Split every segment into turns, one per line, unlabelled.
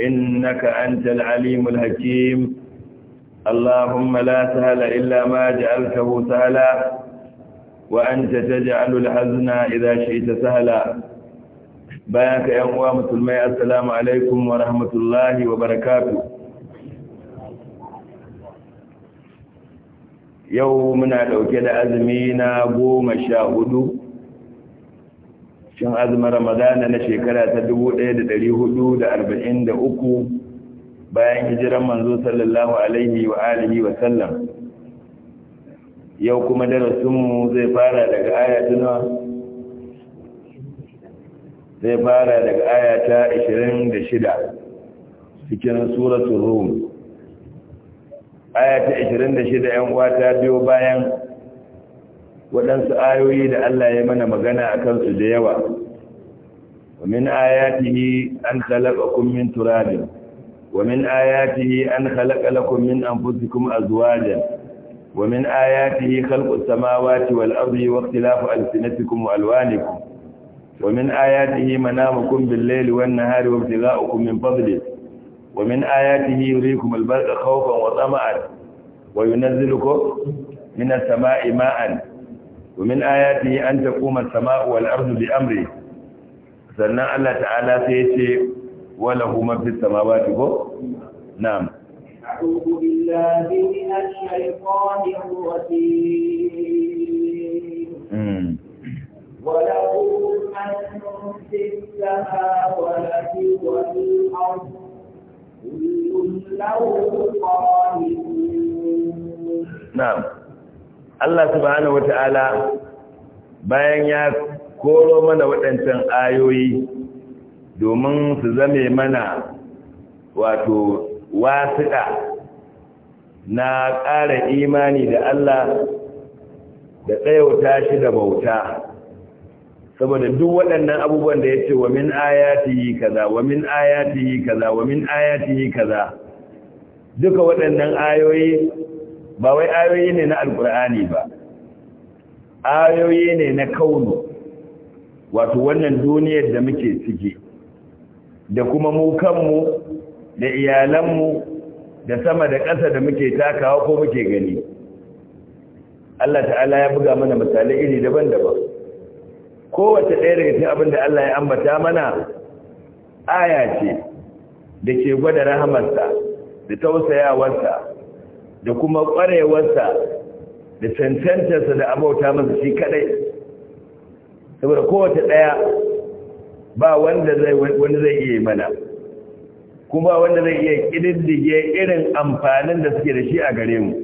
إنك أنت العليم الحكيم اللهم لا سهل إلا ما جعلته سهلا وأنت تجعل الحزن إذا شئت سهلا بياك يا أموام الماء السلام عليكم ورحمة الله وبركاته يومنا لو كده أزمينا بوم الشاهدو cikin azumin ramadana na shekara ta 1443 bayan hijiran manzo sallallahu alaihi wa alihi wa sallam yau kuma darasinmu zai fara daga ayatuna zai fara daga ayata 26 cikin suratul rum ayata 26 yan uwa ta biyo bayan waɗansu ayoyi da Allah ya mana magana a kansu da yawa ومن آياته أن خلقكم من تراب ومن آياته أن خلق لكم من أنفسكم أزواجا ومن آياته خلق السماوات والأرض واختلاف ألسنتكم وألوانكم ومن آياته منامكم بالليل والنهار وابتغاؤكم من فضله ومن آياته يريكم البرق خوفا وطمعا وينزلكم من السماء ماء ومن آياته أن تقوم السماء والأرض بأمره سنة الله تعالى سيتي وله ما في السماوات نعم
أعوذ بالله من الشيطان الرجيم وله من في السماوات والأرض كل له قانتون
نعم Allah subhanahu wata'ala bayan ya koro mana waɗancan ayoyi domin su zame mana wato wasiɗa na ƙara imani da Allah da tsayauta shi da bauta saboda duk waɗannan abubuwan da ya ce wa min ayatihi kaza wa min ayatihi kaza wa min ayatihi kaza duka waɗannan ayoyi ba wai ayoyi ne na alkur'ani ba ayoyi ne na kaunu wato wannan duniyar da muke ciki da kuma mu kanmu da iyalanmu da sama da ƙasa da muke takawa ko muke gani Allah ta'ala ya buga mana misalai iri daban-daban kowace ɗaya daga cikin abin da Allah ya ambata mana aya ce da ke gwada rahamarsa da tausayawarsa da kuma ƙwarewarsa da cancantarsa da abauta masa shi kadai saboda kowace ɗaya ba wanda zai wani zai iya mana kuma wanda zai iya kididdige irin amfanin da suke da shi a gare mu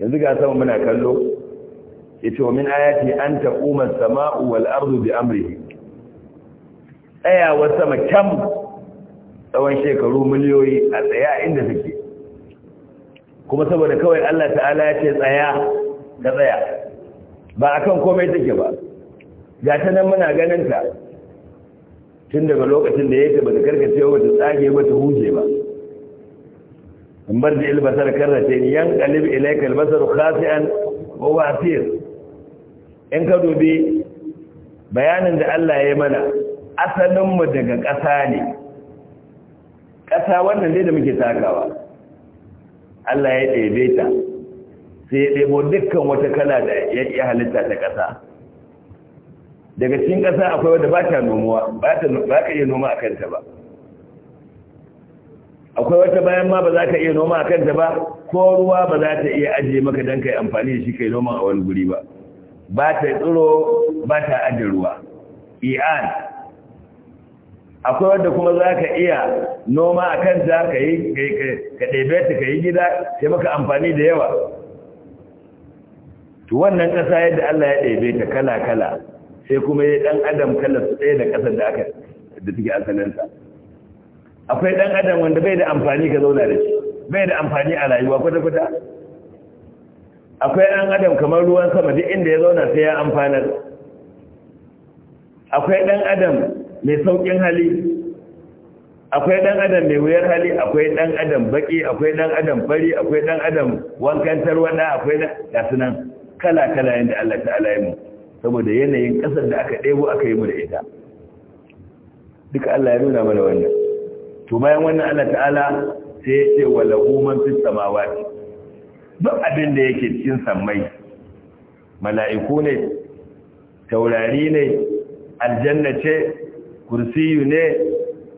yanzu ga sama muna kallo yace wa min ayati an taquma as-sama'u wal ardu bi amrihi ayawa sama kam tsawon shekaru miliyoyi a tsaya inda take kuma saboda kawai Allah ta'ala ya ce tsaya da tsaya ba a kan komai take ba ga ta nan muna ganin ta tun daga lokacin da yake ba ta karkace ba ta tsage ba ta huje ba in bar da ilbasar karrace ni yan qalib ilayka albasar khasi'an wa wasir in ka dubi bayanin da Allah ya yi mana asalin mu daga ƙasa ne ƙasa wannan dai da muke takawa Allah ya ɗebe ta sai ya ɗebo dukkan wata kala da ya iya halitta ta ƙasa daga cikin ƙasa akwai wadda ba ta nomuwa ba ka iya noma a kanta ba akwai wata bayan ma ba za ka iya noma a kanta ba ko ruwa ba za ta iya ajiye maka don ka yi amfani da shi ka yi noma a wani guri ba ba ta tsiro ba ta ajiye ruwa i'an akwai wadda kuma za ka iya noma a kanta ka yi ka ɗebe ta ka yi gida ta maka amfani da yawa to wannan ƙasa yadda Allah ya ɗebe ta kala-kala sai kuma yi ɗan adam kala su ɗaya da ƙasar da aka da suke asalinsa akwai ɗan adam wanda bai da amfani ka zauna da shi bai da amfani a rayuwa kwata-kwata akwai ɗan adam kamar ruwan sama duk inda ya zauna sai ya amfanar akwai ɗan adam mai saukin hali akwai dan adam mai wuyar hali akwai dan adam baki akwai dan adam fari akwai dan adam wankan wanda, akwai da sunan kala kala yanda Allah ta'ala ya mu saboda yanayin kasar da aka debo aka yi mu da ita duka Allah ya nuna mana wannan to bayan wannan Allah ta'ala sai ya ce wa lahu man fis samawati duk abin da yake cikin sammai mala'iku ne taurari ne aljanna ce kursiyu ne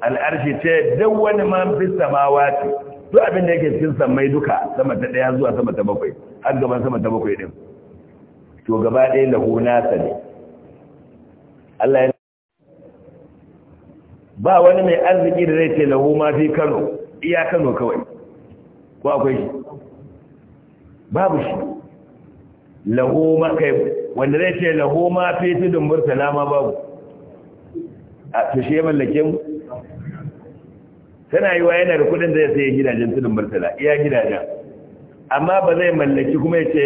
al'arshi ce duk wani man fi samawati duk abin da yake cikin samai duka sama ta daya zuwa sama ta bakwai har gaban sama ta bakwai din to gaba ɗaya lahu nasa ne Allah ya ba wani mai arziki da zai ce lahu ma fi Kano iya Kano kawai ko akwai shi babu shi lahu ma kai wanda zai ce lahu ma fi tudun murtala ma babu to shi ya mallake mu tana yi wa yana da kudin zai sai gidajen tunan martala. iya gidajen amma ba zai mallaki kuma ya ce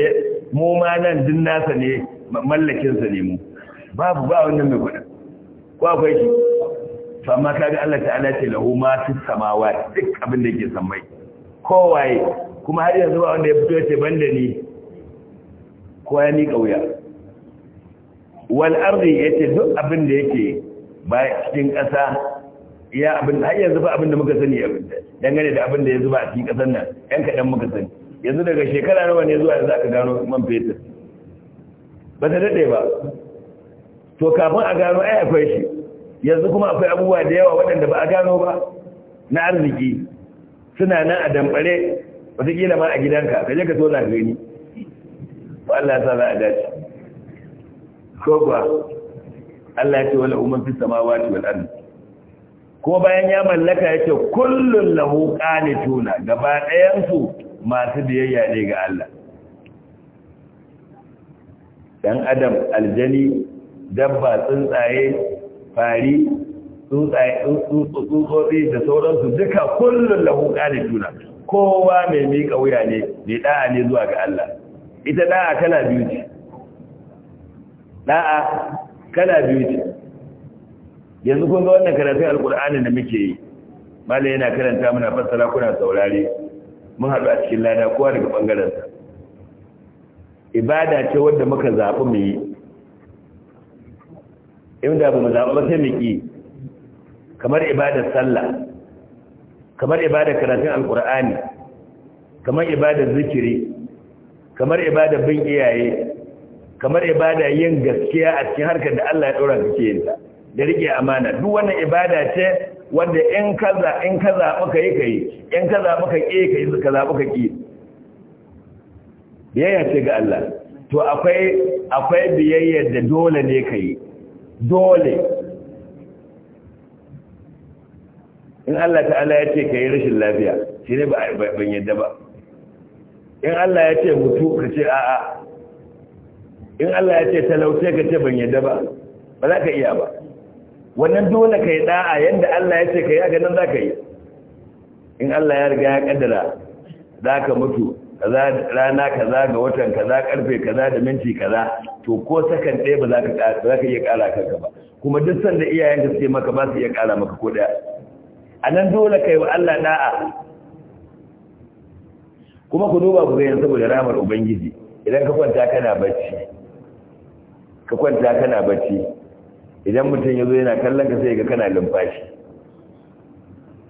mu ma nan din nasa ne mallakinsa ne mu babu ba wannan mai kudin ko akwai shi to amma kaga Allah ta'ala ce lahu ma fi samawa duk abin da yake Ko kowaye kuma har yanzu ba wanda ya fito ce banda ni ko ya ni kauya wal ardi yace duk abin da yake Ba cikin ƙasa ya abin da yanzu ba abin da muka sani abin da dangane da abin da ya zuba a cikin ƙasan nan ɗan kaɗan muka sani yanzu daga shekara nawa ne zuwa yanzu aka gano man fetur ba ta daɗe ba to kafin a gano ai akwai shi yanzu kuma akwai abubuwa da yawa waɗanda ba a gano ba na arziki suna nan a damɓare wataƙila ma a gidanka ka je ka tona gani ba Allah ya sa za a dace ko ba Allah ya ce wala umman fi samawati wal ard Ko bayan ya mallaka yake kullun lahu qanituna gaba ɗayan masu biyayya ne ga Allah dan adam aljani dabba tsuntsaye fari tsuntsaye tsutsotsi da sauransu duka kullun lahu qanituna kowa mai mika wuya ne mai da'a ne zuwa ga Allah ita da'a tana biyu ce da'a kala biyu ce yanzu kun ga wannan karatun alkur'ani da muke yi malai yana karanta muna fassara kuna saurare mun haɗu a cikin lada kowa daga ɓangarensa ibada ce wadda muka zaɓi mu yi inda ba mu zaɓi ba sai mu ƙi kamar ibadar sallah kamar ibadar karatun alkur'ani kamar ibadar zikiri kamar ibadar bin iyaye kamar ibada yin gaskiya a cikin harkar da Allah ya ɗora kake yin ta da rike amana duk wannan ibada ce wanda in kaza in kaza muka yi kai in kaza muka yi kai kaza muka ƙi biyayya ce ga Allah to akwai akwai biyayya da dole ne kai dole in Allah ta'ala ya ce kai rashin lafiya shi ne ba ban yadda ba in Allah ya ce mutu ka ce a'a in Allah ya ce talauce ka ce ban yadda ba ba za ka iya ba wannan dole ka yi da'a yadda Allah ya ce ka yi a ganin za ka yi in Allah ya riga ya kaddara za ka mutu kaza rana kaza ga watan kaza karfe kaza da minti kaza to ko sakan ɗaya ba za ka iya ƙara kanka ba kuma duk sanda iyayenka suke maka ba su iya ƙara maka ko ɗaya a nan dole ka yi wa Allah da'a kuma ku duba ku ga yanzu saboda ramar ubangiji idan ka kwanta kana bacci ka kwanta kana bacci idan mutum ya zo yana kallon ka sai ga kana lumfashi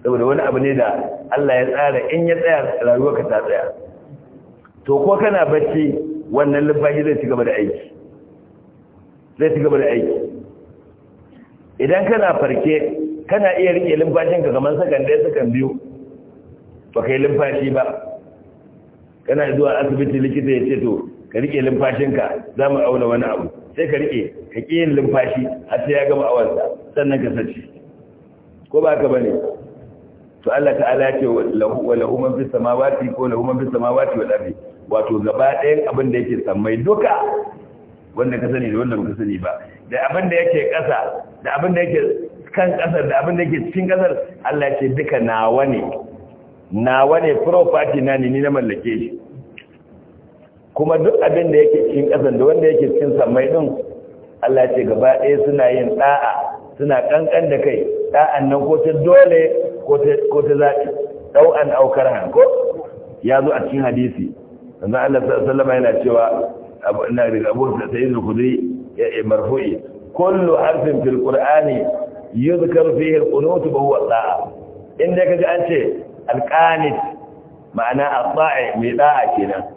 saboda wani abu ne da Allah ya tsara in ya tsaya rayuwar ka ta tsaya to ko kana bacci wannan lumfashi zai ci gaba da aiki zai ci gaba da aiki idan kana farke kana iya rike ka kamar sakan ɗaya sakan biyu ba kai lumfashi ba kana zuwa asibiti likita ya ce to ka rike ka za mu auna wani abu sai ka rike ka ƙi yin limfashi a sai ya gama awansa sannan ka sace ko ba ka bane to Allah ta'ala ya ce wa lahu man fis samawati ko lahu man fis samawati wa ardi wato gaba ɗayan abin da yake sammai duka wanda ka sani da wanda baka sani ba da abin da yake ƙasa da abin da yake kan ƙasar da abin da yake cikin ƙasar Allah ya ce duka nawa ne nawa ne property na ne ni na mallake shi kuma duk abin da yake cikin ƙasan da wanda yake cikin samai ɗin Allah ce gaba ɗaya suna yin ɗa'a suna ƙanƙan da kai ɗa'an nan ko ta dole ko ta zaɓi ɗau'an aukar hanko ya zo a cikin hadisi sannan Allah sallama yana cewa na riga abu da ta yi zukuri ya marfu'i kullu harfin fil qur'ani yuzkar fihi al-qunut wa huwa inda kaga an ce al-qanit ma'ana at-ta'i mai da'a kenan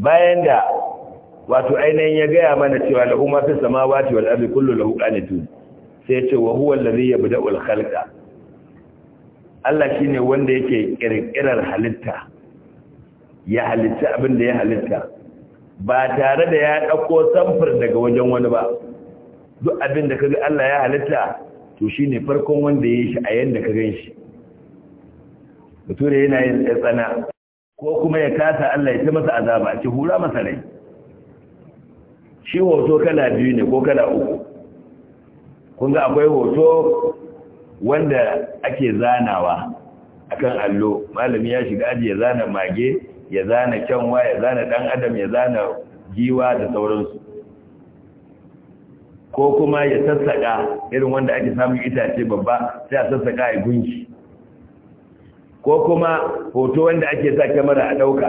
bayan da wato ainihin ya gaya mana cewa lahu ma fi samawati wal ardi kullu lahu qanitu sai ya ce wa huwa alladhi al khalqa Allah shine wanda yake kirkirar halitta ya halitta abin da ya halitta ba tare da ya dauko samfur daga wajen wani ba duk abin da kaga Allah ya halitta to shine farkon wanda ya shi a yanda ka ganshi mutum yana yin tsana ko kuma ya kasa Allah ya ta masa azaba a ci hura masa rai shi hoto kala biyu ne ko kala uku kun ga akwai hoto wanda ake zanawa akan allo malami ya shiga aji ya zana mage ya zana kyanwa ya zana dan adam ya zana giwa da sauransu ko kuma ya sassaka irin wanda ake samun itace babba sai a sassaka a gunki ko kuma hoto wanda ake sa kyamara a ɗauka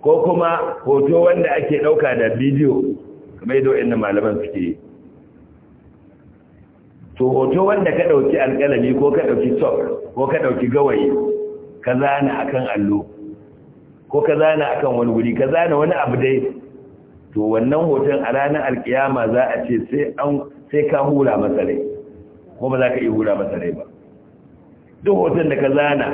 ko kuma hoto wanda ake ɗauka da bidiyo kamar yadda wa'in malaman suke yi to hoto wanda ka ɗauki alƙalami ko ka ɗauki sok ko ka ɗauki gawayi ka zana akan allo ko ka zana akan wani guri ka zana wani abu dai to wannan hoton a ranar alkiyama za a ce sai ka hura masarai ko ba za ka iya hura masarai ba duk hoton da ka zana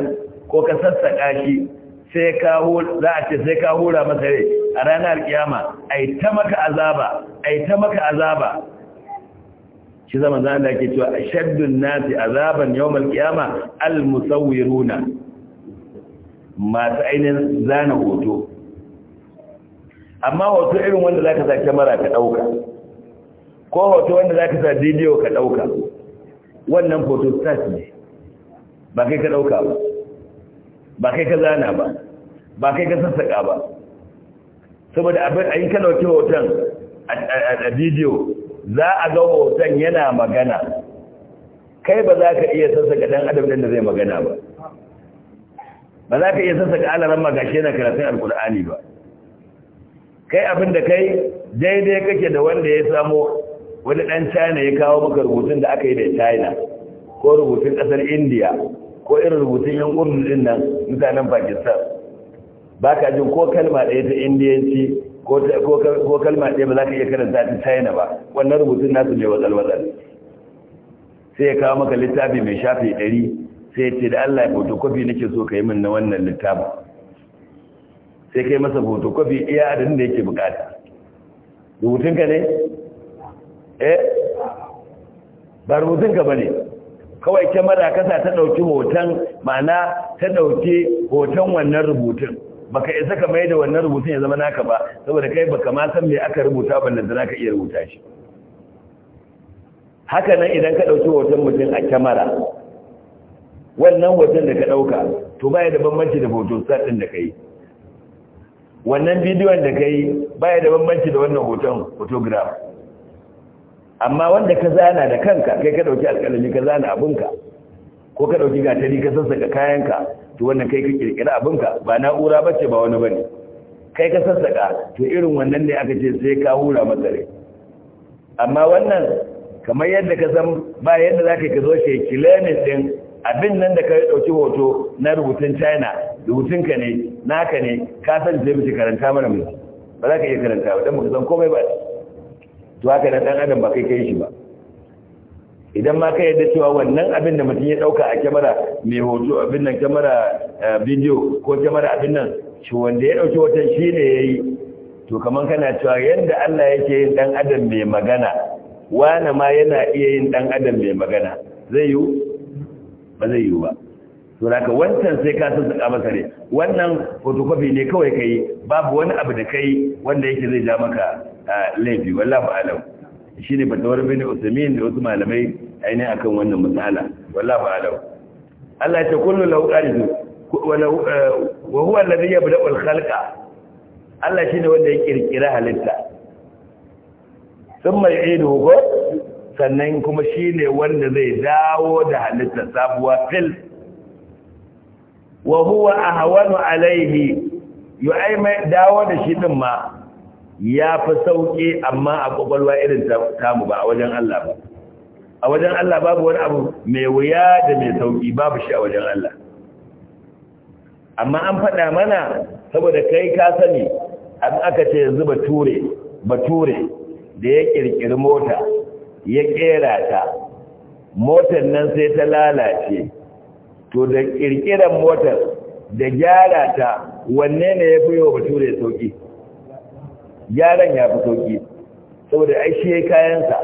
ko ka sassaƙa shi sai ka za a ce sai ka hura masa rai a ranar kiyama ai ta maka azaba ai ta maka azaba shi zama zan da ke cewa ashaddun nasi azaban yawmal kiyama al musawwiruna masu ainihin zana hoto amma hoto irin wanda za ka sa kyamara ka ɗauka ko hoto wanda za ka sa bidiyo ka ɗauka wannan hoto stat ne ba kai ka ɗauka ba ba kai ka zana ba ba kai ka sassaƙa ba saboda abin a yi ka ɗauki hoton a bidiyo za a ga hoton yana magana kai ba za ka iya sassaƙa ɗan adam ɗin da zai magana ba ba za ka iya sassaƙa alaran magashi yana karatun alkur'ani ba kai abin da kai daidai kake da wanda ya samo wani ɗan china ya kawo maka rubutun da aka yi da china ko rubutun ƙasar indiya ko irin rubutun yan urdu din nan mutanen pakistan ba ka jin ko kalma ɗaya ta indiyanci ko kalma ɗaya ba za ka iya karanta ta china ba wannan rubutun nasu ne watsal-watsal sai ya kawo maka littafi mai shafi ɗari sai ya ce da allah ya fotokofi nake so ka yi min na wannan littafi sai kai masa fotokofi iya adadin da yake bukata rubutunka ne eh ba rubutunka ba ne kawai kyamara kasa ta ɗauki hoton ma'ana ta ɗauki hoton wannan rubutun baka isa ka mai da wannan rubutun ya zama naka ba saboda kai baka ma san me aka rubuta ba, da naka iya rubuta shi haka nan idan ka ɗauki hoton mutum a kyamara wannan hoton da ka ɗauka to baya da bambanci da hoton ɗin da ka yi wannan bidiyon da ka yi baya da bambanci da wannan hoton photograph amma wanda ka zana da kanka kai ka dauki alƙalami ka zana abinka ko ka dauki gatari ka sassaka kayanka to wannan kai ka kirkira abinka ba na'ura bace ba wani bane kai ka sassaka to irin wannan ne aka ce sai ka hura matsare amma wannan kamar yadda ka san ba yadda za ka zo shi kilanin din abin nan da ka dauki hoto na rubutun China rubutun ka ne naka ne ka san zai mu karanta mana mu ba za ka iya karanta ba dan mu san komai ba to haka na dan adam ba kai kai shi ba idan ma ka yadda cewa wannan abin da mutum ya dauka a kyamara mai hoto abin nan kyamara eh, bidiyo ko kyamara abin nan shi wanda ya dauki wata shi ne ya yi to kamar kana cewa yadda Allah yake yin dan adam mai magana wani ma yana iya yin dan adam mai magana zai yi ba zai yi ba to daga wancan sai ka san tsaka masa ne wannan photocopy ne kawai kai babu wani abu da kai wanda yake zai ja maka laifi wallahu alam shine fatawar bin usmin da wasu malamai aini akan wannan misala wallahu alam Allah ta kullu lahu qaridu eh, wa huwa alladhi yabda'u al-khalqa Allah shine wanda ya kirkira halitta thumma yu'iduhu sannan kuma shine wanda zai dawo da halitta sabuwa fil wa huwa ahwanu alayhi yu'ayma dawo da shi din ma ya fi sauƙi amma a ƙwaƙwalwa irin tamu ba a wajen Allah ba a wajen Allah babu wani abu mai wuya da mai sauƙi babu shi a wajen Allah amma an faɗa mana saboda kai ka sani an aka ce yanzu bature bature da ya ƙirƙiri mota ya ƙera ta motar nan sai ta lalace to da ƙirƙirar motar da gyara ta wanne ne ya fi yi wa bature sauƙi gyaran ya fi sauki saboda ai shi yayi kayansa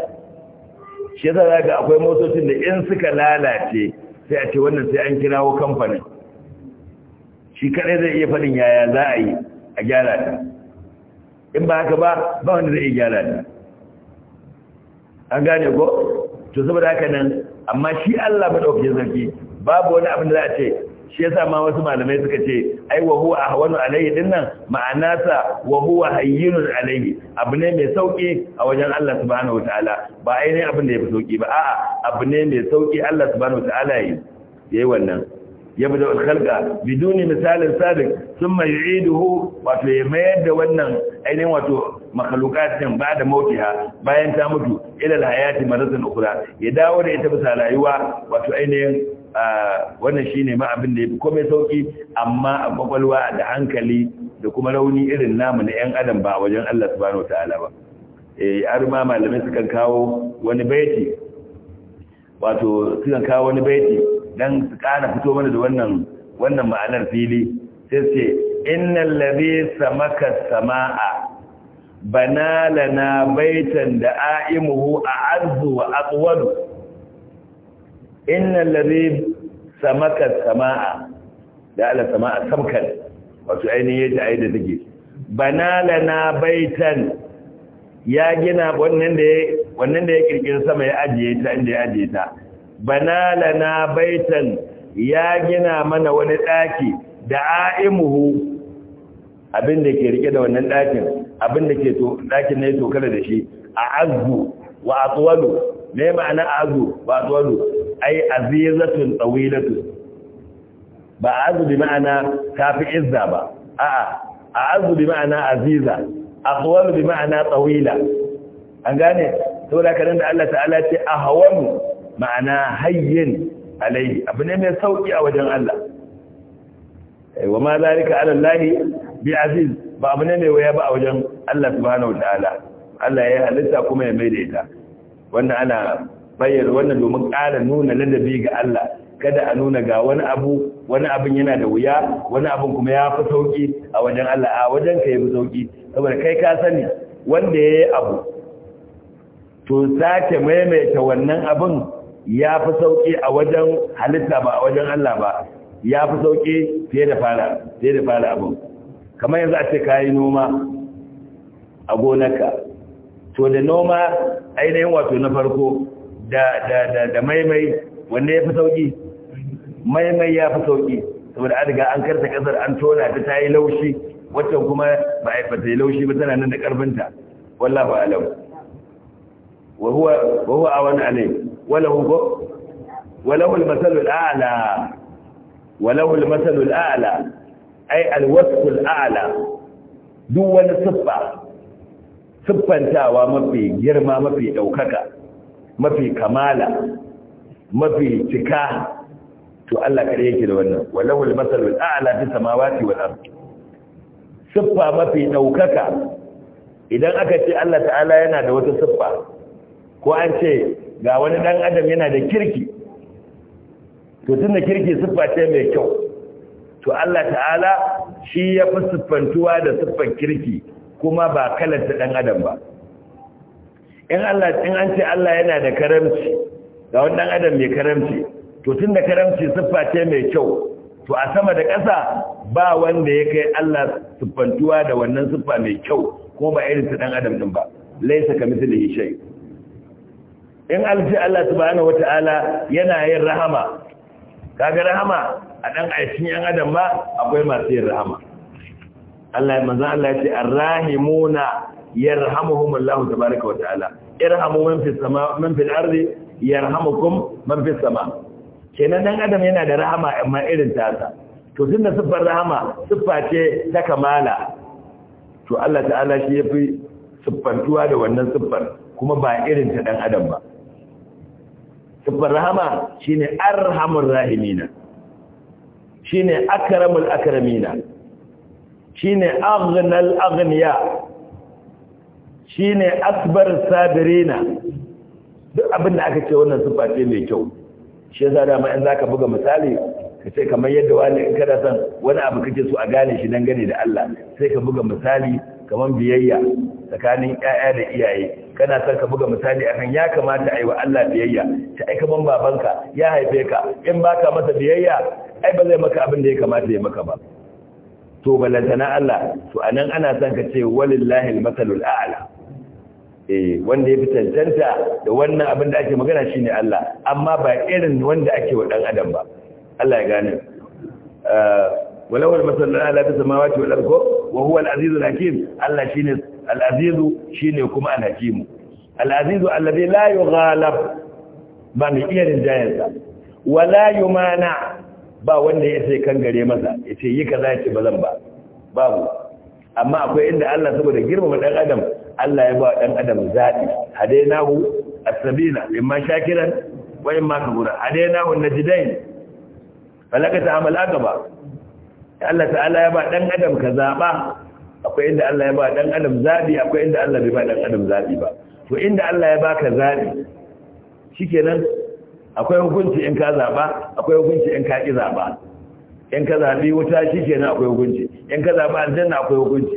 shi yasa zaka akwai motocin da in suka lalace sai a ce wannan sai an kirawo kamfanin shi kadai zai iya fadin yaya za a yi a gyara ta in ba haka ba ba wanda zai iya gyara ta an gane ko to saboda haka nan amma shi Allah madaukakin sarki babu wani abin da za a ce shi yasa ma wasu malamai suka ce ai wa huwa ahwanu alayhi dinnan ma'ana sa wa huwa hayyinun alayhi abu ne mai sauki a wajen Allah subhanahu wataala ba ai ne abin da yafi sauki ba a'a abu ne mai sauki Allah subhanahu wataala yi yayi wannan ya bada alkhalqa biduni misalin sabiq thumma yu'iduhu wato ya mayar da wannan ainihin wato makhluqat din ba da mautiha bayan ta mutu ila alhayati hayati maratan ukhra ya dawo da ita bisa rayuwa wato ainihin wannan shine ne abin da ya fi komai sauki amma a kwakwalwa da hankali da kuma rauni irin namu na yan adam ba wajen Allah bano Ta'ala ba eh har ma malamai sukan kawo wani baiti wato sukan kawo wani baiti don su kana fito mana da wannan wannan ma'anar fili sai ce innan ladhi samaka samaa banalana baitan da a'imuhu a arzu wa Inna ladhi samaka samaa da ala samaa samkan wato ainihin yadda yi da take banala na baitan ya gina wannan da ya wannan da ya kirkiri sama ya ajiye ta inda ya ajiye ta banala na baitan ya gina mana wani daki da aimuhu abin da ke rike da wannan dakin abin da ke to dakin ne tokara da shi a azu wa atwalu me ma'ana azu wa atwalu ai azizatun tawilatu ba azu bi ma'ana kafi izza ba a'a azu bi ma'ana aziza aqwalu bi ma'ana tawila an gane da kadan da Allah ta'ala ce ahwanu ma'ana hayyin alai abu ne mai sauki a wajen Allah wa ma zalika ala Allah bi aziz ba abu ne mai waya ba a wajen Allah subhanahu wa ta'ala Allah ya halitta kuma ya mai da ita wannan ana bayyana wannan domin ƙara nuna ladabi ga Allah kada a nuna ga wani abu wani abin yana da wuya wani abin kuma ya fi sauki a wajen Allah a wajen ka yi fi sauki saboda kai ka sani wanda ya yi abu to sake maimaita wannan abin ya fi sauki a wajen halitta ba a wajen Allah ba ya fi sauki fiye da fara fiye da fara abin kamar yanzu a ce yi noma a gonarka to da noma ainihin wato na farko da maimai wanda ya fi sauƙi maimai ya fi sauƙi saboda an riga an karta ƙasar an tona ta ta yi laushi waccan kuma ba a ta yi laushi ba tana nan da ƙarfinta wallahu alam wa huwa a wani alai wala hugo walahul masalul a'ala walahul masalul a'ala ai alwasful a'ala duk wani siffa siffantawa mafi girma mafi ɗaukaka mafi kamala mafi cika to Allah kare yake da wannan walahul masalul a'la fi samawati wal ard siffa mafi daukaka idan aka ce Allah ta'ala yana da wata siffa ko an ce ga wani dan adam yana da kirki to tunda kirki siffa ce mai kyau to Allah ta'ala shi ya fi siffantuwa da siffan kirki kuma ba kalar ta dan adam ba in Allah in an ce Allah yana da karamci ga wannan adam mai karamci to tun da karamci siffa ce mai kyau to a sama da ƙasa ba wanda ya kai Allah siffantuwa da wannan siffa mai kyau kuma ba irin su dan adam din ba ka kamithlihi shay in alji Allah subhanahu wataala yana yin rahama kaga rahama a dan aishin yan adam ba akwai masu yin rahama Allah manzo Allah ya ce arrahimuna yarhamuhum Allah tabaaraka wa ta'ala irhamu man fis sama man fil ardi yarhamukum man fis sama kenan dan adam yana da rahama amma irin tasa to tunda siffar rahama siffa ce ta kamala to Allah ta'ala shi yafi siffantuwa da wannan siffar kuma ba irin ta dan adam ba siffar rahama shine arhamur rahimina shine akramul akramina shine aghnal aghniya shine akbar sabirina duk abin da aka ce wannan sifa ce mai kyau shi yasa dama in zaka buga misali ka ce kamar yadda wani in kada son wani abu kake so a gane shi gane da Allah sai ka buga misali kamar biyayya tsakanin ƴaƴa da iyaye kana son ka buga misali akan ya kamata a yi wa Allah biyayya ta ai kaman babanka ya haife ka in baka masa biyayya ai ba zai maka abin da ya kamata ya maka ba to balantana Allah to anan ana son ka ce walillahi almasalul a'la Eh, wanda ya fi tantanta da wannan abin da ake magana shine Allah amma ba irin wanda ake wa ɗan adam ba Allah ya gane eh, walawar wal masallu ala bis samawa ce ardi wa huwa al’azizu azizul hakim Allah shine al’azizu shi shine kuma al hakim al’azizu azizu layu la yughalab ba mai iya rinjayen Wa wala mana ba wanda ya sai kangare masa ya ce yi kaza ba zan ba babu amma akwai inda Allah saboda girmama ɗan adam Allah ya ba dan adam zabi hadainahu as-sabila imma shakiran wa imma kafura hadainahu an-najdain falaka amal aqaba Allah ta'ala ya ba dan adam ka zaba akwai inda Allah ya ba dan adam zabi akwai inda Allah bai ba dan adam zabi ba to inda Allah ya baka zabi shikenan akwai hukunci in ka zaba akwai hukunci in ka ƙi zaɓa, in ka zabi wuta shikenan akwai hukunci in ka zaba aljanna akwai hukunci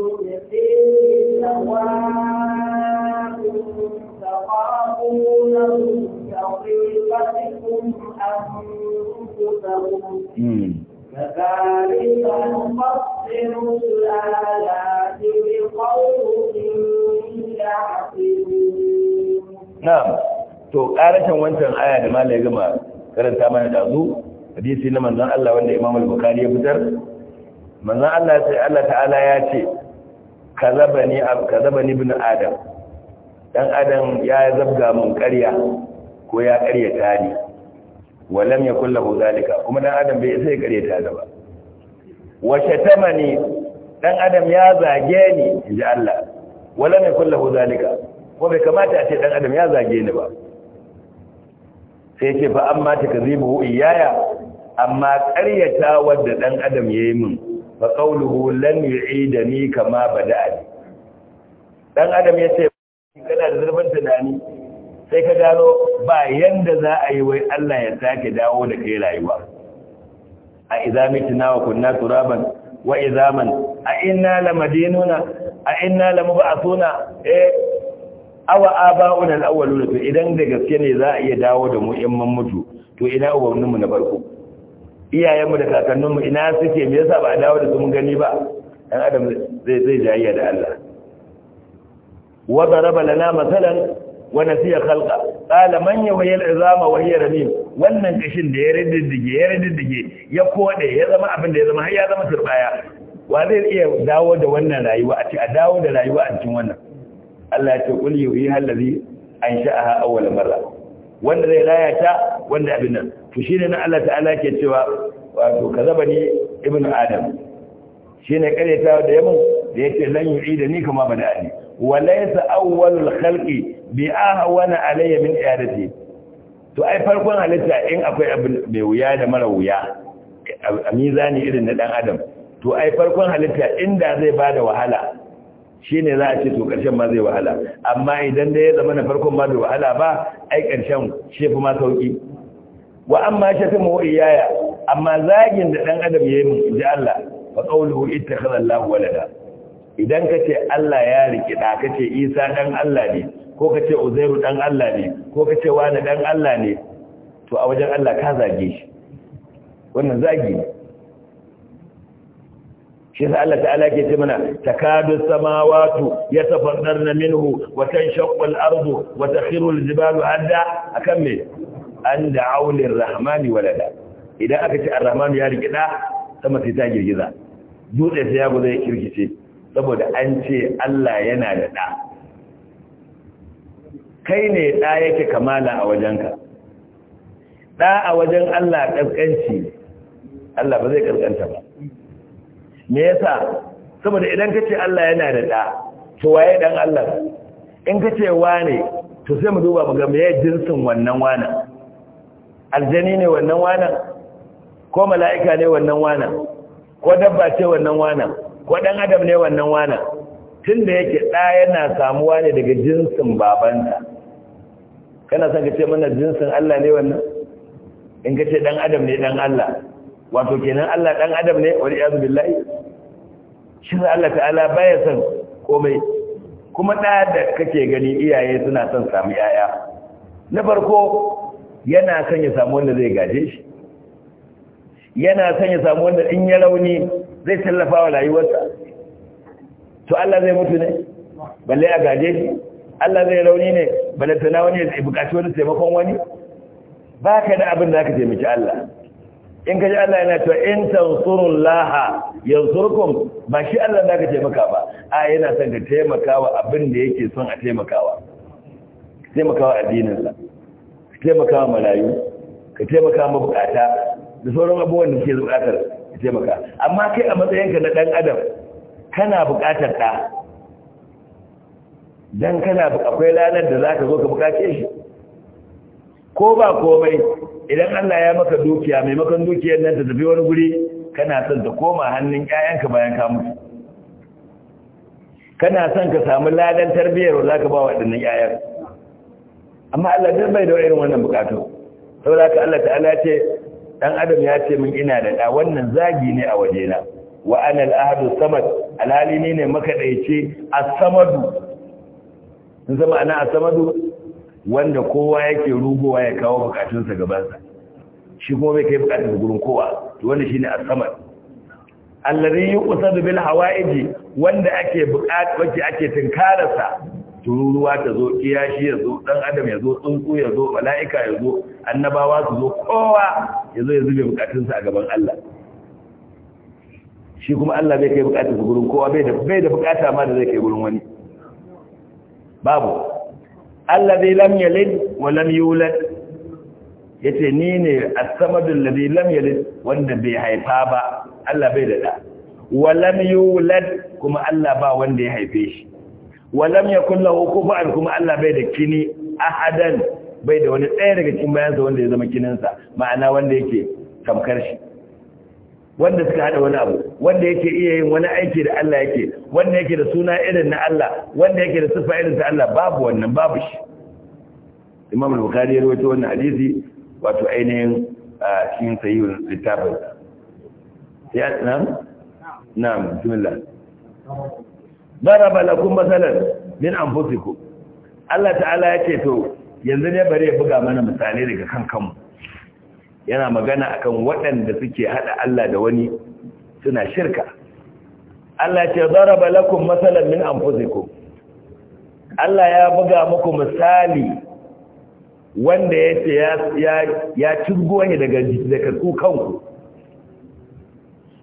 الصدقين سواء تخافونهم كخيفتكم
to ƙarashin wancan aya da ya gama karanta mana da hadisi na Manzan Allah wanda Imam al-Bukhari ya fitar Manzan sai Allah ta'ala ya ce kazabani kazabani ibn adam dan adam ya zabga mun ƙarya ko ya ƙarya tani walam yakul lahu zalika kuma dan adam bai sai ƙarya ta ba wa shatamani dan adam ya zage ni inji Allah walam yakul lahu zalika ko bai kamata a ce dan adam ya zage ni ba sai ce fa amma takzibuhu iyaya amma ƙaryata wadda dan adam yayi min ba kauluhu lan yu'idani kama bada'ani dan adam ce kana da zurfin tunani sai ka gano ba yanda za a yi wai Allah ya sake dawo da kai rayuwa a idza mitna wa kunna turaban wa man a inna lamadinuna a inna lamub'athuna eh awa aba'una al-awwaluna to idan da gaske ne za a iya dawo da mu in mun mutu to ina ubanninmu na farko iyayenmu da kakanninmu ina suke me yasa ba a dawo da su mun gani ba dan adam zai zai jayya da Allah wa daraba lana masalan wa nasiya khalqa qala man yahya al-izama wa hiya ramim wannan kashin da ya riddige ya riddige ya kode ya zama abin da ya zama har ya zama turbaya wa zai iya dawo da wannan rayuwa a ce a dawo da rayuwa a cikin wannan Allah ya ce kul yuhi allazi ansha'aha awwal marra wanda zai rayata ta wanda abin nan to shine nan Allah ta'ala ke cewa wato ni ibn adam shine ta da yamu da yake lan yu'ida ni kama bada ali walaysa awwalul khalqi bi ahwana alayya min i'adati to ai farkon halitta in akwai abin mai wuya da mara wuya a mizani irin na dan adam to ai farkon halitta inda zai bada wahala shi ne za a ce to ƙarshen ma zai wahala amma idan da ya zama na farkon ma zai wahala ba ai ƙarshen shefi ma sauƙi wa amma shafi mu iyaya amma zagin da ɗan adam ya yi min inji Allah fa qawluhu ittakhadha Allah walada idan ka ce Allah ya rike da ka ce Isa dan Allah ne ko ka ce Uzairu dan Allah ne ko ka ce wani dan Allah ne to a wajen Allah ka zage shi wannan zagi ne shi yasa Allah ta'ala ke ce mana takadu samawatu na minhu wa tanshaqqu al-ardu wa takhiru al-jibalu adda akan me an da'u lir-rahmani walada idan aka ce ar-rahmanu ya rigida sama sai ta girgiza dutse sai ya gozo ya kirkice saboda an ce Allah yana da da kai ne da yake kamala a wajenka da a wajen Allah kaskanci Allah ba zai kaskanta ba me yasa saboda idan kace Allah yana da da to waye dan Allah in kace wane to sai mu duba mu ga meye jinsin wannan wanan aljani ne wannan wanan ko mala'ika ne wannan wanan ko dabba ce wannan wanan ko dan adam ne wannan wanan tunda yake da yana samuwa ne daga jinsin babanta kana son ka ce mana jinsin Allah ne wannan in ka ce dan adam ne dan Allah wato kenan Allah dan adam ne wal iyaz billahi shi Allah ta'ala baya son komai kuma da da kake gani iyaye suna son samu yaya na farko yana son ya samu wanda zai gaje shi yana son ya samu wanda in ya rauni zai tallafa wa rayuwarsa to Allah zai mutu ne balle a gaje shi Allah zai rauni ne balle tana wani ya bukaci wani taimakon wani ba ka da abin da aka taimaki Allah in ka ji Allah yana cewa in tansurun laha yansurkum ba shi Allah da ka taimaka ba a yana son ka taimakawa abin da yake son a taimakawa taimakawa addininsa ka taimakawa marayu ka taimakawa mabukata da sauran abubuwan da ke bukatar ka taimaka amma kai a matsayinka na dan adam kana bukatar ɗa dan kana akwai ranar da za ka zo ka bukace shi ko ba komai idan Allah ya maka dukiya maimakon dukiyar nan ta tafi wani guri kana son ta koma hannun ƴaƴanka bayan ka mutu kana son ka samu ladan tarbiyyar wa zaka ba waɗannan ƴaƴan amma Allah duk bai da irin wannan bukatu saboda ka Allah ta'ala ce dan adam ya ce min ina da da wannan zagi ne a wajena wa ana al-ahadu samad alhali ne ne maka daice as-samadu zama ana as-samadu wanda kowa yake rugowa ya kawo bukatunsa gabansa shi kuma bai kai bukatunsa gurin kowa to wanda shine as yi allazi yuqsadu bil hawaiji wanda ake bukata wace ake tinkararsa tururuwa ta zo shi ya zo dan adam ya zo tsuntsu ya zo mala'ika ya zo annabawa su zo kowa ya zo ya zube bukatunsa a gaban Allah shi kuma Allah bai kai bukatunsa gurin kowa bai da bai da bukata ma da zai kai gurin wani babu allazi lam yalid wa lam yulad yace ni ne as-samadu allazi lam yalid wanda bai haifa ba Allah bai da da wa lam yulad kuma Allah ba wanda ya haife shi wa lam yakul lahu kufuwan kuma Allah bai da kini ahadan bai da wani ɗaya daga cikin bayansa wanda ya zama kininsa ma'ana wanda yake tamkar shi wanda suka hada wani abu wanda yake iya yin wani aiki da Allah yake wanda yake da suna irin na Allah wanda yake da sifa irin ta Allah babu wannan babu shi Imam al-Bukhari ya rawaito wannan hadisi wato ainihin cikin al littafin ya nan na'am bismillah daraba lakum masalan min anfusikum Allah ta'ala yake to yanzu ne bare buga mana misali daga kan kanmu yana magana akan waɗanda suke haɗa Allah da wani suna shirka Allah ce zaraba lakum masalan min anfusikum Allah ya buga muku misali wanda yace ya ya ya ne daga daga ku kanku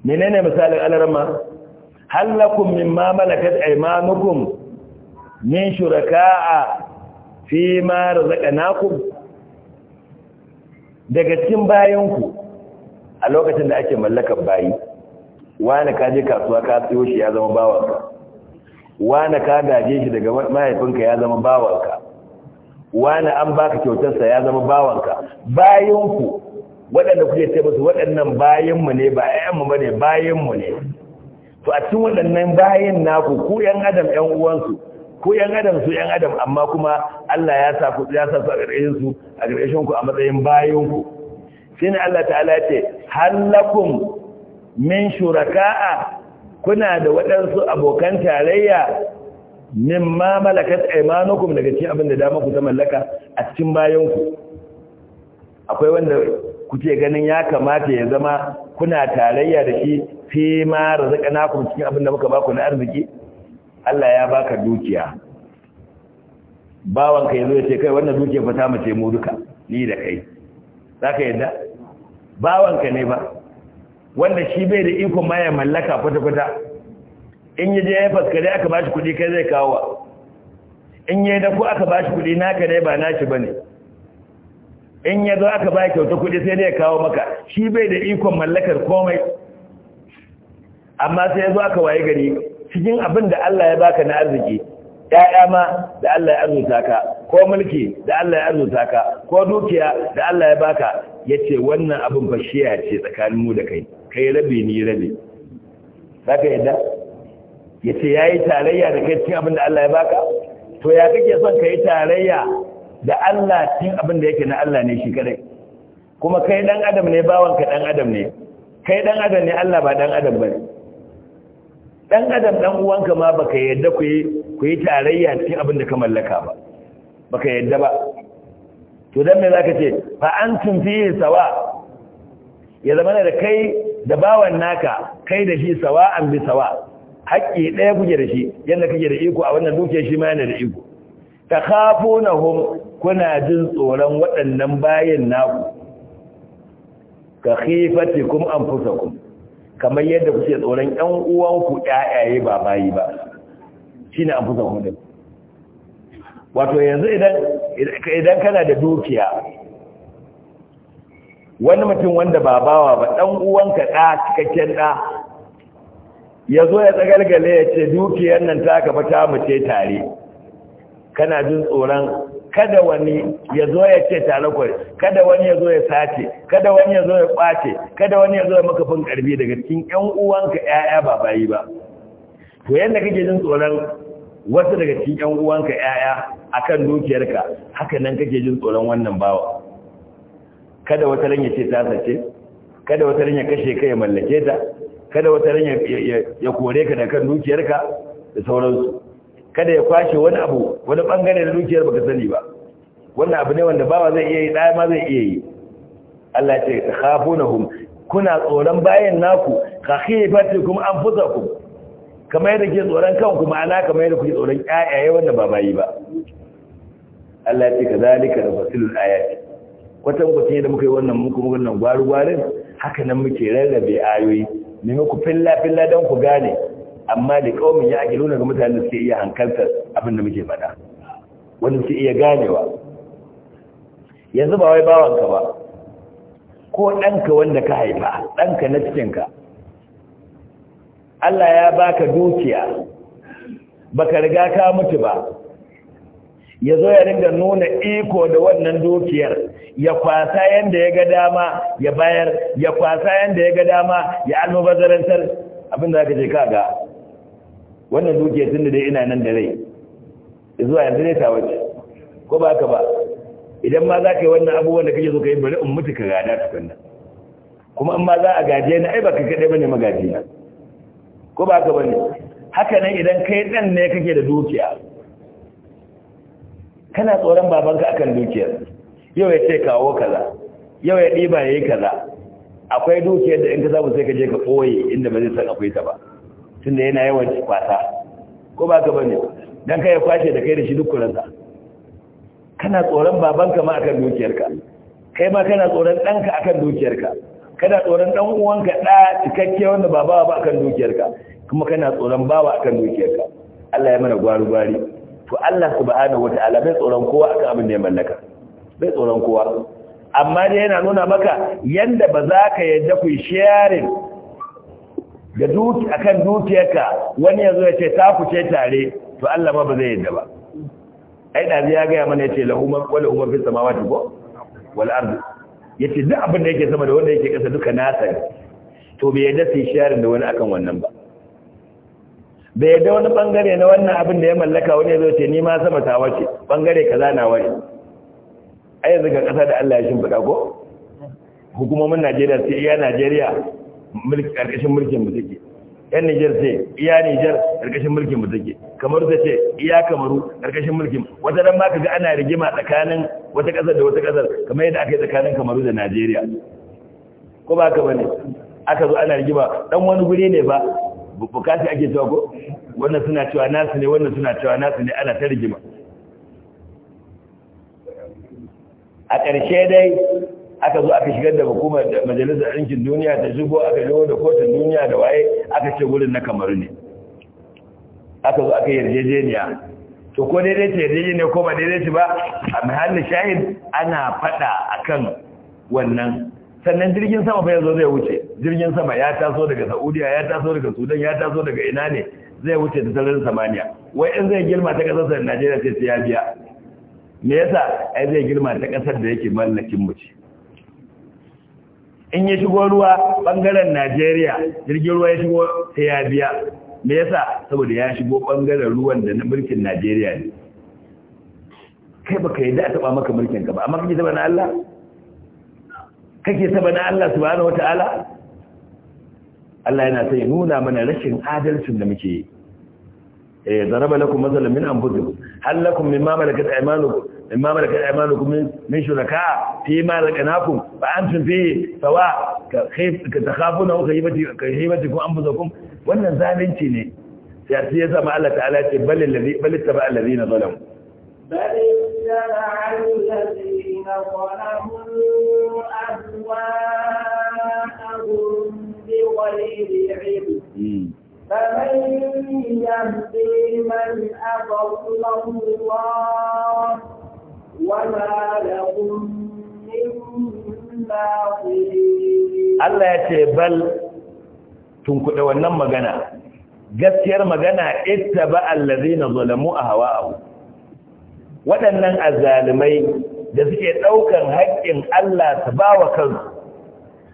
menene misalin alarma hal lakum mimma malakat aymanukum min shuraka'a fi ma razaqnakum daga cikin bayanku a lokacin da ake mallakar bayi wani ka je kasuwa ka tsiyo shi ya zama bawanka wani ka gaje shi daga mahaifinka ya zama bawanka wani an baka kyautarsa ya zama bawanka bayanku waɗanda kuke ce musu waɗannan bayanmu ne ba ‘ya'yanmu ba ne bayanmu ne to a cikin waɗannan bayan naku ku ‘yan adam ‘yan uwansu ku ‘yan adam su ‘yan adam amma kuma Allah ya sa ku ya sa su a ƙarƙashin su a ƙarƙashin ku a matsayin bayin ku Allah ta'ala ce halakum min shuraka'a kuna da waɗansu abokan tarayya mimma malakat aymanukum daga cikin abin da dama ku ta mallaka a cikin bayin ku akwai wanda kuke ganin ya kamata ya zama kuna tarayya da shi fi ma razaqnakum cikin abin da muka baku na arziki Allah ya baka dukiya bawan ka yazo ya ce kai wannan duke fata ta mace mu duka ni da kai zaka yadda bawan ka ne ba wanda shi bai da iko ma ya mallaka kwata kwata in yaje ya faskare aka bashi kudi kai zai kawo wa. in yayi da ku aka bashi kudi naka ne ba nashi bane in ya zo aka ba kyauta kudi sai dai ya kawo maka shi bai da ikon mallakar komai amma sai ya zo aka waye gari cikin abin da Allah ya baka na arziki ‘ya’ya ma da Allah ya arzuta ka ko mulki da Allah ya arzuta ka ko dukiya da Allah ya baka yace wannan abin fa ce tsakanin mu da kai kai rabe ni rabe zaka yadda yace yayi tarayya da kai cikin abin da Allah ya baka to ya kake son kai tarayya da Allah cikin abin da yake na Allah ne shi kadai kuma kai dan adam ne bawanka dan adam ne kai dan adam ne Allah ba dan adam bane dan adam dan uwanka ma baka yadda ku yi ku yi tarayya cikin abin da ka mallaka ba baka yadda ba to dan me zaka ce fa antum yin sawa ya zama da kai da bawan naka kai da shi sawa an bi sawa haƙƙi ɗaya kuke da shi yadda kake da iko a wannan dukiyar shi ma yana da iko ta kafunahum kuna jin tsoron waɗannan bayan naku ka khifatikum anfusakum kamar yadda kuke tsoron ƴan uwanku ƴaƴaye ba bayi ba shine anfusahum din wato yanzu idan kana da dukiya wani mutum wanda ba bawa ba dan uwanka ɗa cikakken ɗa ya zo ya tsagalgale ya ce dukiyar nan ta kafa ta mace tare kana jin tsoron kada wani ya zo ya ce tare kwari kada wani ya zo ya sace kada wani ya zo ya kwace kada wani ya zo ya makafin karbi daga cikin yan uwanka yaya ba bayi ba to yadda kake jin tsoron wasu daga cikin ƴan uwanka yaya akan dukiyarka haka nan kake jin tsoron wannan bawa kada wata ran ya ce ta sace kada wata ran ya kashe ka ya mallake ta kada wata ran ya kore ka da kan dukiyarka da sauransu kada ya kwashe wani abu wani bangare na dukiyar baka sani ba wannan abu ne wanda bawa zai iya yi ɗaya ma zai iya yi Allah ce khafunahum kuna tsoron bayan naku ka anfusakum kamar yadda ke tsoron kanku ma'ana kamar yadda kuke tsoron ƴaƴaye wanda ba bayi ba Allah ya ce ka zalika da fasilul ayati watan kwatin da muka yi wannan muku wannan gwaru-gwarin haka nan muke rarrabe ayoyi ne muku filla-filla don ku gane amma da kaumin ya ake nuna ga mutane suke iya hankaltar abin da muke faɗa wani su iya ganewa yanzu ba wai bawanka ba ko ɗanka wanda ka haifa ɗanka na cikinka Allah ya baka dukiya baka riga ka mutu ba ya zo ya ringa nuna iko da wannan dukiyar ya kwasa yadda ya ga dama ya bayar ya kwasa yadda ya ga dama ya abin abinda zaka je kaga wannan dukiyar tun da dai ina nan da rai zuwa yanzu ne ta wuce ko ba ka ba idan ma za ka yi wannan abubuwan da kake so ka yi bari in mutu ka gada tukunna kuma in ma za a gaje na ai baka kade kaɗai ba ne na ko ba ka bane haka nan idan kai dan ne kake da dukiya kana tsoron babanka akan dukiyar yau ya ce kawo kaza yau ya diba yayi kaza akwai dukiyar da in ka samu sai ka je ka ɓoye inda ba zai san akwai ta ba tunda yana yawan kwasa ko ba ka bane dan kai ya kwashe da kai da shi dukkan kuransa kana tsoron babanka ma akan dukiyarka kai ma kana tsoron ɗanka akan dukiyarka kana tsoron dan ka da cikakke wanda ba ba akan dukiyarka kuma kana tsoron bawa akan dukiyarka Allah ya mana gwaru gwari to Allah subhanahu wataala bai tsoron kowa akan abin da ya mallaka bai tsoron kowa amma dai yana nuna maka yanda ba za ka yadda ku sharing da duki akan dukiyarka wani yazo ya ce ta ku ce tare to Allah ma ba zai yadda ba ai da ya ga mana ya ce lahu man wala fis samawati ko wal ardi ya ce duk abin da yake sama da wanda yake ƙasa duka nasa ne to bai yadda su yi sharing da wani akan wannan ba bai yadda wani bangare na wannan abin da ya mallaka wani ya zo ce ni ma sama ta wace bangare kaza na wani a yanzu ga ƙasa da Allah ya shimfiɗa ko hukumomin Najeriya sai iya Najeriya ƙarƙashin mulkin mu take yan Nijar ce iya Nijar ƙarƙashin mulkin mu take kamar ta ce iya kamaru ƙarƙashin mulkin wata dan ma ga ana rigima tsakanin wata ƙasar da wata ƙasar kamar yadda aka yi tsakanin kamaru da Najeriya ko ba ka bane aka zo ana rigima ɗan wani guri ne ba bukati ake cewa ko wannan suna cewa nasu ne wannan suna cewa nasu ne ana ta rigima a ƙarshe dai aka zo aka shigar da hukumar majalisar ɗinkin duniya ta shigo aka yi da kotun duniya da waye aka ce wurin na kamaru ne aka zo aka yarjejeniya to ko daidai ce yarjejeniya ko ba daidai ce ba a mahallin shahid ana faɗa akan wannan sannan jirgin sama fa yanzu zai wuce jirgin sama ya taso daga saudiya ya taso daga sudan ya taso daga ina ne zai wuce ta sararin samaniya wai in zai girma ta kasar najeriya sai ya biya me yasa ai zai girma ta kasar da yake mallakin mu ce in ya shigo ruwa bangaren najeriya jirgin ruwa ya shigo ta ya biya me yasa saboda ya shigo bangaren ruwan da na mulkin najeriya ne kai baka yi da a taba maka mulkin ka ba amma kake saba na Allah kake saba na Allah subhanahu wataala Allah yana sai nuna mana rashin adalcin da muke yi eh zaraba lakum masalan min anfusikum hal lakum mimma malakat aymanukum إما ملك أعمالكم من شركاء في مالك أناكم فأنتم فيه سواء تخافون أو خيبتكم أنفسكم وأن الزال انتني سيأتي يسمى الله تعالى بل الذي بل اتبع الذين ظلموا
بل اتبع الذين ظلموا أهواءهم بغير علم فمن يهدي من أضل الله Allah
ya ce bal tun kuɗe wannan magana gaskiyar magana ita ba allazi na zalamu a abu waɗannan azalimai da suke ɗaukar haƙƙin Allah ta ba wa kansu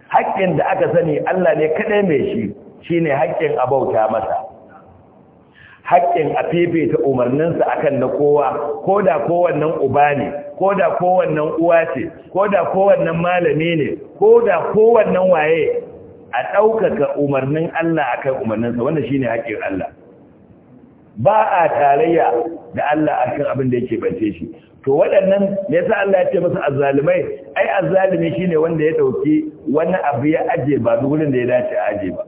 haƙƙin da aka sani Allah ne kaɗai mai shi shi ne haƙƙin abauta masa haƙƙin a fifita umarninsa a kan na kowa ko da kowannan uba ne ko da kowannan uwa ce ko da kowannan malami ne ko da kowannan waye a ɗaukaka umarnin Allah a kan umarninsa wanda shi ne haƙƙin Allah ba a tarayya da Allah a kan abin da yake bance shi to waɗannan me yasa Allah ya ce masa azzalimai ai azzalimi shine wanda ya dauki wani abu ya aje ba wurin da ya dace a aje ba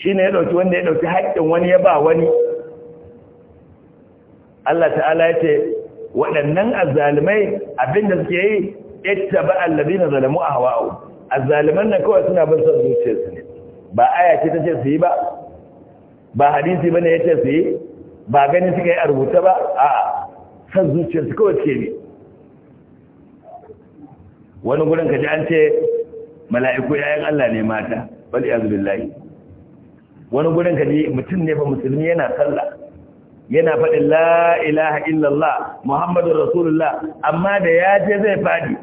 shine ya dauki wanda ya dauki haƙƙin wani ya ba wani Allah ta'ala ya ce waɗannan azzalumai abinda suke yi ittaba na zalamu ahwa'u azzaliman nan kawai suna bin son zuciyarsu ne ba aya ce su yi ba ba hadisi bane yace su yi ba gani suka yi a rubuta ba a'a son zuciyarsu kawai suke ne wani gurin kaji an ce mala'iku yayin Allah ne mata bal yazbillahi wani gurin kaji mutum ne ba musulmi yana sallah yana faɗin la ilaha illallah Muhammadu rasulullah amma da ya je zai faɗi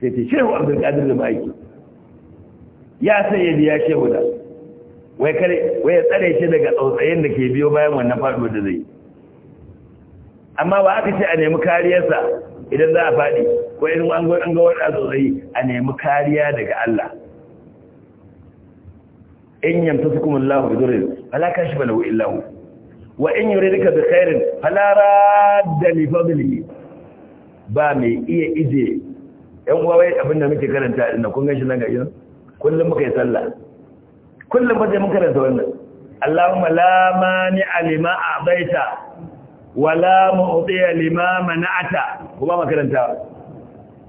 sai ce shehu ƙadir da ma’aiki. ya sai ya biya shehu da wai ya tsare shi daga tsautsayen da ke biyo bayan wannan faɗo da zai amma ba aka ce a nemi kariyarsa idan za a faɗi ko irin an gwada a tsautsayi a nemi kariya daga Allah in yamta su kuma Allah bi zurin alaka shi balawu lahu. wa in yuridka bi khairin fala radda li fadlihi ba mai iya ije yan uwa wai da muke karanta ina kun ganshi nan ga yin kullum muka yi sallah kullum ba sai mun karanta wannan Allahumma la mani'a lima a'taita wa la mu'tiya lima mana'ata kuma karanta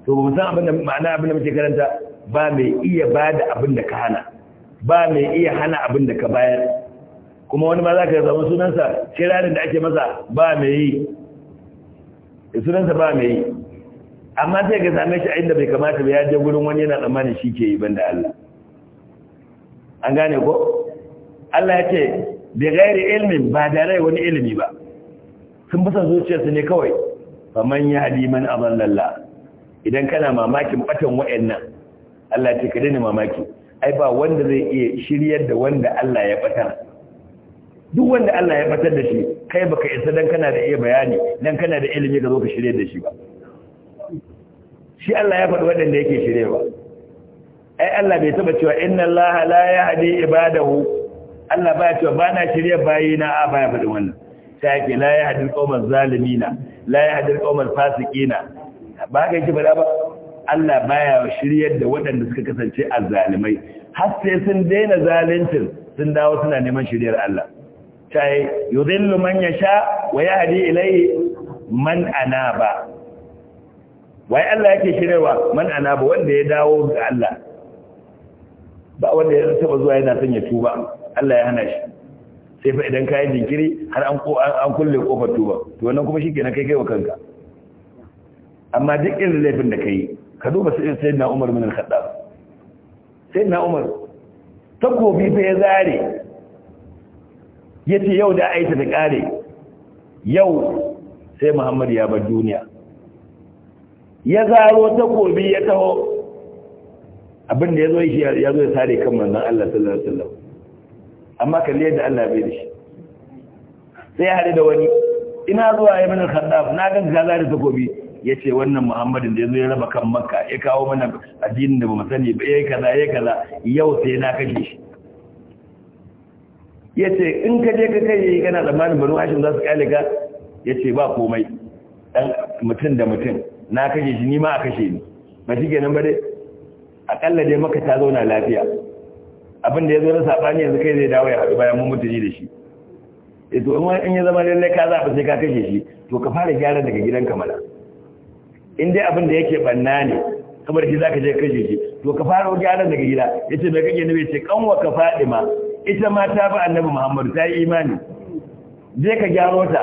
to ba mu abin da ma'ana abin da muke karanta ba mai iya bada da ka hana ba mai iya hana abin da ka bayar kuma wani ma za ka zama sunansa kirarin da ake masa ba mai yi sunansa ba mai yi amma sai ka same shi a inda bai kamata ba ya je wurin wani yana tsammanin shi ke yi banda Allah an gane ko Allah ya ce bi ghairi ilmin ba da rai wani ilimi ba sun bisa zuciyarsu ne kawai faman ya hadi man idan kana mamakin batan wayannan Allah ya ce ka daina mamaki ai ba wanda zai iya shiryar da wanda Allah ya batar duk wanda Allah ya fatar da shi kai baka isa dan kana da iya bayani dan kana da ilimi ka zo ka shirye da shi ba shi Allah ya faɗi waɗanda yake shirewa ai Allah bai taba cewa inna Allah la yahdi ibadahu Allah ba cewa ba na shirye bayina a baya faɗin wannan sai yake la yahdi al-qawmal zalimina la yahdi al-qawmal fasiqina ba ga yake faɗa ba Allah baya shiryar da waɗanda suka kasance azzalimai har sai sun daina zaluncin sun dawo suna neman shiryar Allah tai yudhillu man yasha wa yahdi ilayhi man anaba wai Allah yake shirewa man anaba wanda ya dawo ga Allah ba wanda ya taba zuwa yana son ya tuba Allah ya hana shi sai fa idan kai jinkiri har an an kulle kofar tuba to wannan kuma shikenan kai kai wa kanka amma duk irin laifin da kai ka duba sai na Umar bin Al-Khattab sai na Umar takobi fa ya zare ya ce yau da aisha ta kare yau sai muhammadu ya bar duniya ya zaro takobi ya taho abinda ya zo shi ya zo ya sare kan manzon Allah sallallahu alaihi wasallam amma kalle yadda Allah bai da shi sai hade da wani ina zuwa ya mana khaddaf na ga gaza da takobi yace wannan Muhammadin da yazo ya raba kan Makka ya kawo mana addinin da bamu sani ba yayi kaza yayi kaza yau sai na kashe shi ya ce in ka je ka kai kana tsammanin banu ashin za su kyale ka ya ce ba komai dan mutum da mutum na kashe shi ni ma a kashe ni ba shi kenan ba dai akalla dai maka ta zauna lafiya abin da ya zo na saɓani yanzu kai zai dawo ya haɗu bayan mun mutu da shi ya to in ya zama lallai ka zaɓa sai ka kashe shi to ka fara gyara daga gidan kamala in dai abin da yake banna ne kamar shi za ka je kashe shi to ka fara gyara daga gida ya ce mai kake ne ce kanwa ka faɗi ma ita ma ta ba annabi muhammadu ta yi imani je ka gyaro ta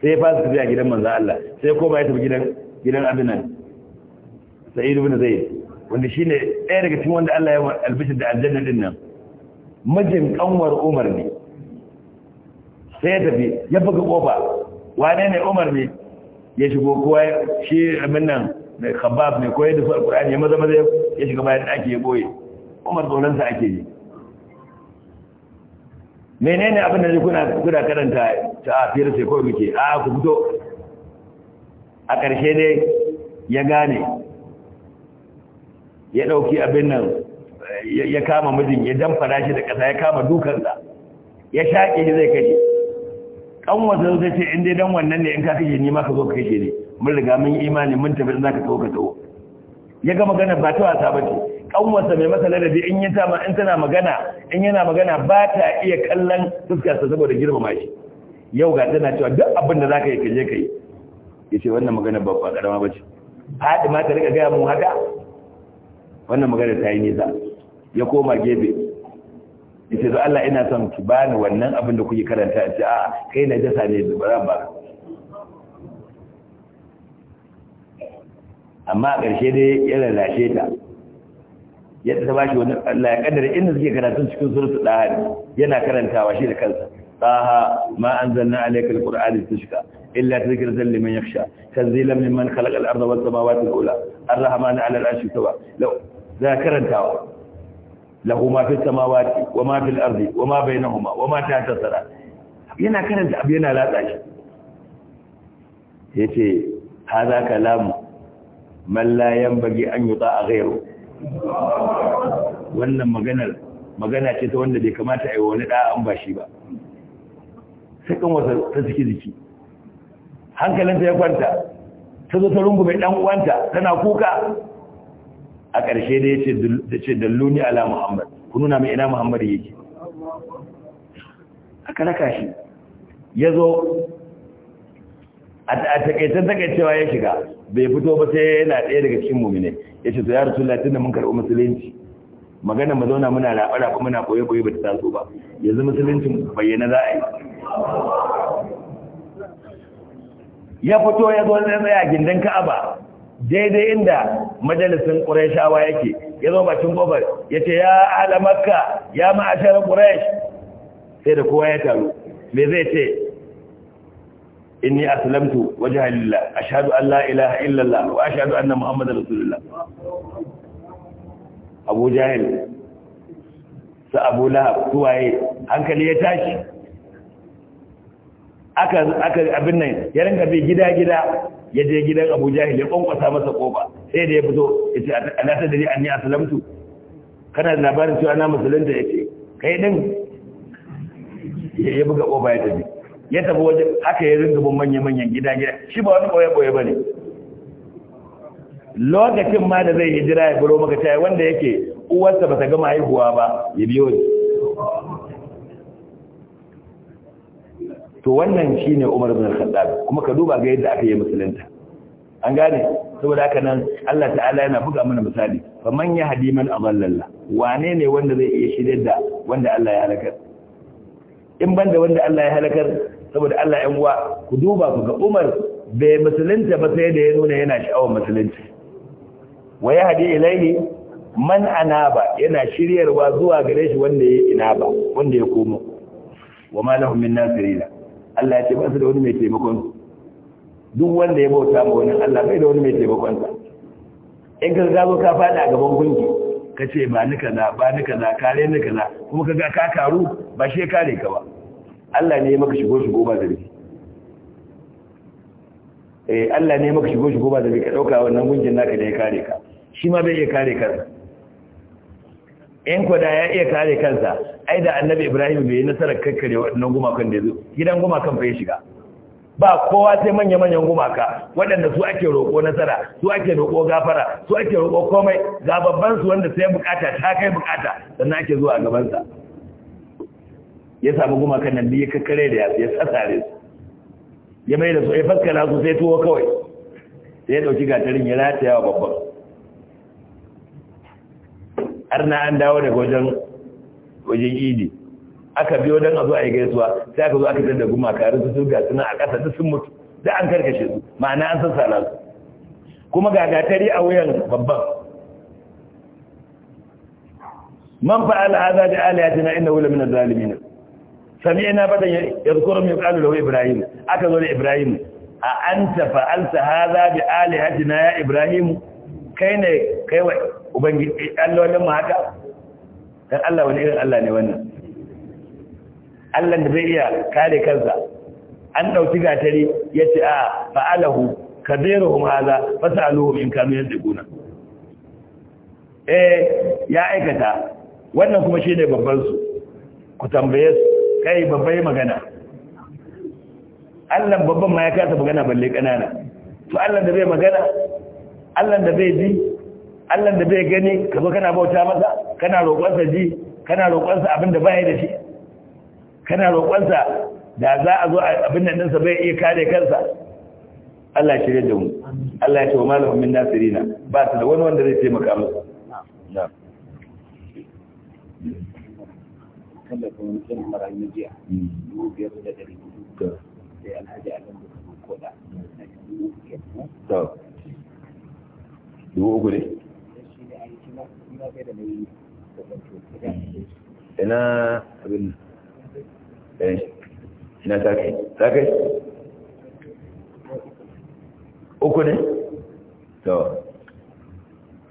sai fa su tafiya gidan manzo Allah sai ko ba ya tafi gidan gidan abinan Sa'idu ibn zaid wanda shine ɗaya daga cikin wanda Allah ya yi albishir da aljanna din nan mijin kanwar Umar ne sai ya tafi ya buga kofa wane ne Umar ne ya shigo kowa shi abin nan mai khabab ne ko ya dafa alqur'ani ya maza maza ya shiga bayan daki ya boye Umar tsoron sa ake yi menene abin da kuna kuna karanta ta afiyar sai ko muke a ku fito a ƙarshe ne ya gane ya ɗauki abin nan ya kama mijin ya damfara shi da ƙasa ya kama dukansa ya shaƙe shi zai kashe wasu zai ce in dai dan wannan ne in ka kashe ni ma ka zo ka kashe ne mun riga mun imani mun tafi za ka tsawo ka tsawo ya ga magana ba ta wasa ba ce kanwarsa mai masa ladabi in yi tama in tana magana in yana magana ba ta iya kallon fuskarsa saboda girmama shi yau ga tana cewa duk abin da za ka yi ka je ka yi ya ce wannan magana ba ba karama ba ce haɗi ma ta riƙa gaya mun haka wannan magana ta yi nisa ya koma gefe ya ce Allah ina son ki bani wannan abin da kuke karanta a ce a kai na jasa ne zubara ba amma a ƙarshe dai ya lalace ta yadda ta bashi wani Allah ya kaddara inda suke karatun cikin suratul dahari yana karantawa shi da kansa taha ma anzalna alaykal qur'ana tushka illa dhikratan liman yakhsha tanzilan mimman khalaqa al-ardha was samawati al-ula ar rahman 'ala al-'arshi tawa law za karantawa lahu ma fis samawati wa ma fil ardi wa ma bainahuma wa ma tahta thara yana karanta abu yana latsa shi yace hadha kalamu man la yanbaghi an yuta'a ghayru wannan maganar magana ce ta wanda bai kamata a yi wani ɗa'an ba shi ba sakan wasa ta ciki jiki hankalinta ya kwanta ta zo ta rungu mai ɗan uwanta tana kuka a ƙarshe da ya ce dalluni ala muhammad ku nuna mai ina muhammad yake aka raka shi ya zo a takaicen takaicewa ya shiga bai fito ba sai yana ɗaya daga cikin mumine ya ce to ya rasu latin da mun karɓi musulunci magana mu zauna muna raɓa kuma muna koyo-koyo ba ta taso ba yanzu Musulunci bayyana za a yi ya fito ya zo zai tsaya gindin ka'aba daidai inda majalisin ƙurayshawa yake ya zo bakin ƙofar ya ce ya ala makka ya ma'ashar ƙuraysh sai da kowa ya taru me zai ce inni aslamtu wajha lillah ashhadu an la ilaha illa wa ashhadu anna muhammadar rasulullah abu jahil su abu lahab tuwaye hankali ya tashi aka aka abin nan ya rinka bi gida gida ya je gidan abu jahil ya kwankwasa masa kofa sai da ya fito ya ce ana ta dare an yi aslamtu kana da labarin cewa na musulunta ya ce kai din ya buga kofa ya tafi ya tafi waje haka ya ringa bin manya-manyan gida-gida shi ba wani ɓoye-ɓoye ba ne lokacin ma da zai jira ya buro maka tayi wanda yake uwarsa ba ta gama haihuwa ba ya biyo ne to wannan shi ne Umar bin Khattab kuma ka duba ga yadda aka yi musulunta an gane saboda haka nan Allah ta'ala yana buga mana misali faman ya hadiman adallalla wane ne wanda zai iya shirye da wanda Allah ya halakar in banda wanda Allah ya halakar saboda Allah ‘yan uwa ku duba ku ga Umar bai musulunta ba sai da ya nuna yana sha'awar musulunci wa ya hadi ilaihi man anaba yana shiryarwa zuwa gare shi wanda ya inaba wanda ya komo wa ma lahum min nasirina Allah ya ce ba su da wani mai taimakon duk wanda ya bauta ma wani Allah bai da wani mai taimakon sa in ka ga ka fada a gaban gunki ka ce ba ni kaza ba ni kaza kare ni kaza kuma ka ga ka karu ba shi kare ka ba Allah ne maka shigo shigo ba zargi eh Allah ne maka shigo shigo ba zargi ka dauka wannan gungin naka da ya kare ka shi ma bai iya kare kansa in kwada ya iya kare kansa ai da annabi Ibrahim bai yi nasarar kakkare wannan gumakan da yazo gidan gumakan fa ya shiga ba kowa sai manya-manyan gumaka waɗanda su ake roƙo nasara su ake roƙo gafara su ake roƙo komai ga babban su wanda sai bukata ta kai bukata sannan ake zuwa gabansa ya samu gumakan nan biyu kakkare da ya tsasare su ya mai da su ya faskara su sai tuwo kawai sai ya dauki gatarin ya rataya wa babban har na an dawo daga wajen wajen idi aka biyo don a zo a yi gaisuwa sai aka zo aka tattar da gumaka rinsu su ga suna a ƙasa duk sun mutu da an karkashe su ma'ana an sassara su kuma ga gatari a wuyan babban man fa'ala hadha bi alayatina innahu lamina zalimin sami'na bada yadhkuru min qalu lahu ibrahim aka zo da ibrahim a an anta fa'alta hadha bi alihatina ya ibrahim kai ne kai wa ubangiji allolin mu haka dan Allah wani irin Allah ne wannan Allah da zai iya kare kansa an ɗauki gatari ya ce a fa'alahu kadiruhum fasa fasaluhum in kanu yadda yantiquna eh ya aikata wannan kuma shi ne babban su ku tambaye su kai babbai magana Allah babban ma ya kasa magana balle kanana to Allah da bai magana Allah da bai ji Allah da bai gani kaza kana bauta masa kana roƙonsa ji kana roƙonsa abinda da baya da shi kana roƙonsa da za a zo abin nan ɗinsa bai iya kare kansa Allah ya da mu Allah ya ce wa malamin min nasirina ba su da wani wanda zai taimaka musu na'am tallafin wani marayu jiya dubu biyar da hudu sai alhaji alam da kuma koda dubu uku ina abin eh, ina uku ne to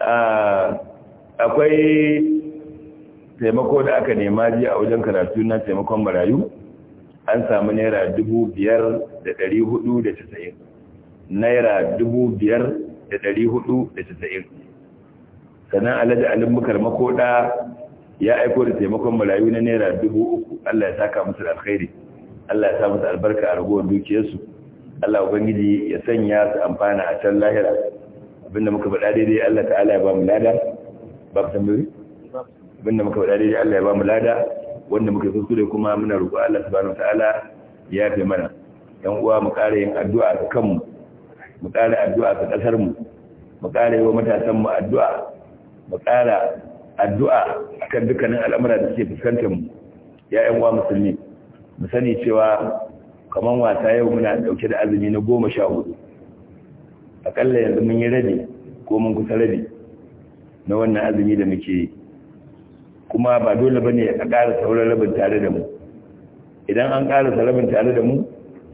ah, akwai taimako da aka nema ji a wajen karatu na taimakon marayu an samu naira dubu biyar da dari hudu da casa'in naira dubu biyar da dari hudu da casa'in sannan alhaji alin makoda ya aiko da taimakon marayu na naira dubu uku allah ya saka musu alkhairi allah ya sa musu albarka a ragowar dukiyarsu allah ubangiji ya sanya su amfana a can lahira abinda muka faɗa daidai allah ta'ala ya ba mu lada ba ku tambayi abinda muka faɗa daidai Allah ya ba mu lada wanda muka so da kuma muna roƙo Allah subhanahu ta'ala ya fi mana yan uwa mu ƙara yin addu'a ga kanmu mu ƙara addu'a ga ƙasar mu mu yi wa matasan addu'a mu ƙara addu'a akan dukkanin al'amura da suke fuskantar mu ya yan uwa musulmi mu sani cewa kaman wasa yau muna dauke da azumi na goma sha hudu akalla yanzu mun yi rabi ko mun kusa rabi na wannan azumi da muke yi kuma ba dole ba ne a ƙara sauran rabin tare da mu idan an ƙara rabin tare da mu